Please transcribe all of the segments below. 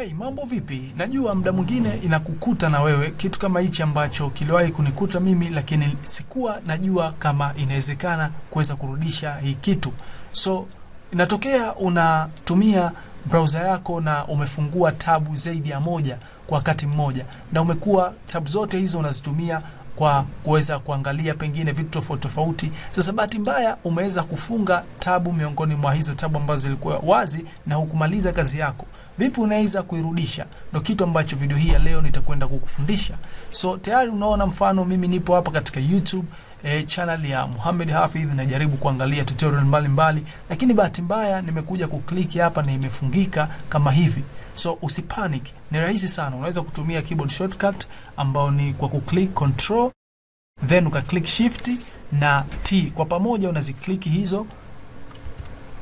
Hey, mambo vipi? Najua muda mwingine inakukuta na wewe kitu kama hichi ambacho kiliwahi kunikuta mimi, lakini sikuwa najua kama inawezekana kuweza kurudisha hii kitu. So inatokea unatumia browser yako na umefungua tabu zaidi ya moja kwa wakati mmoja, na umekuwa tabu zote hizo unazitumia kwa kuweza kuangalia pengine vitu tofauti tofauti. Sasa bahati mbaya umeweza kufunga tabu miongoni mwa hizo tabu ambazo zilikuwa wazi na hukumaliza kazi yako vipi unaweza kuirudisha, ndo kitu ambacho video hii ya leo nitakwenda kukufundisha. So tayari unaona mfano, mimi nipo hapa katika YouTube e, channel ya Muhammad Hafidh, najaribu kuangalia tutorial mbalimbali mbali, lakini bahati mbaya nimekuja kukliki hapa na imefungika kama hivi. So usipanic, ni rahisi sana, unaweza kutumia keyboard shortcut ambao ni kwa kuclick control then ukaclick shift na T kwa pamoja, unazikliki hizo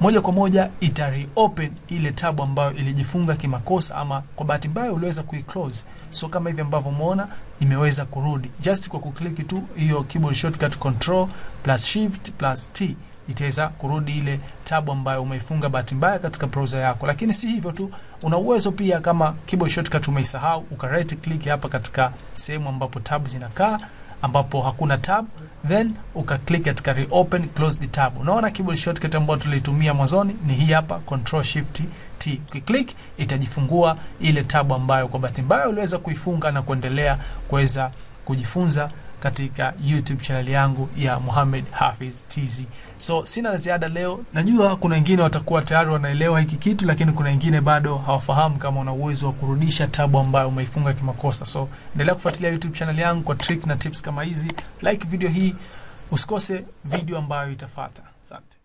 moja kwa moja ita reopen ile tabu ambayo ilijifunga kimakosa ama kwa bahati mbaya uliweza kuiclose. So kama hivi ambavyo umeona imeweza kurudi just kwa kukliki tu hiyo keyboard shortcut control plus shift plus t itaweza kurudi ile tabu ambayo umeifunga bahati mbaya katika browser yako. Lakini si hivyo tu, una uwezo pia kama keyboard shortcut umeisahau, uka right click hapa katika sehemu ambapo tab zinakaa ambapo hakuna tab then uka click katika reopen close the tab. Unaona keyboard shortcut ambayo tulitumia mwanzoni ni hii hapa control shift T. Ukiklik itajifungua ile tab ambayo kwa bahati mbaya uliweza kuifunga na kuendelea kuweza kujifunza katika YouTube channel yangu ya muhamed Hafiz TZ. So sina ziada leo. Najua kuna wengine watakuwa tayari wanaelewa hiki kitu, lakini kuna wengine bado hawafahamu kama una uwezo wa kurudisha tabu ambayo umeifunga kimakosa. So endelea kufuatilia YouTube channel yangu kwa trick na tips kama hizi. Like video hii, usikose video ambayo itafuata. Asante.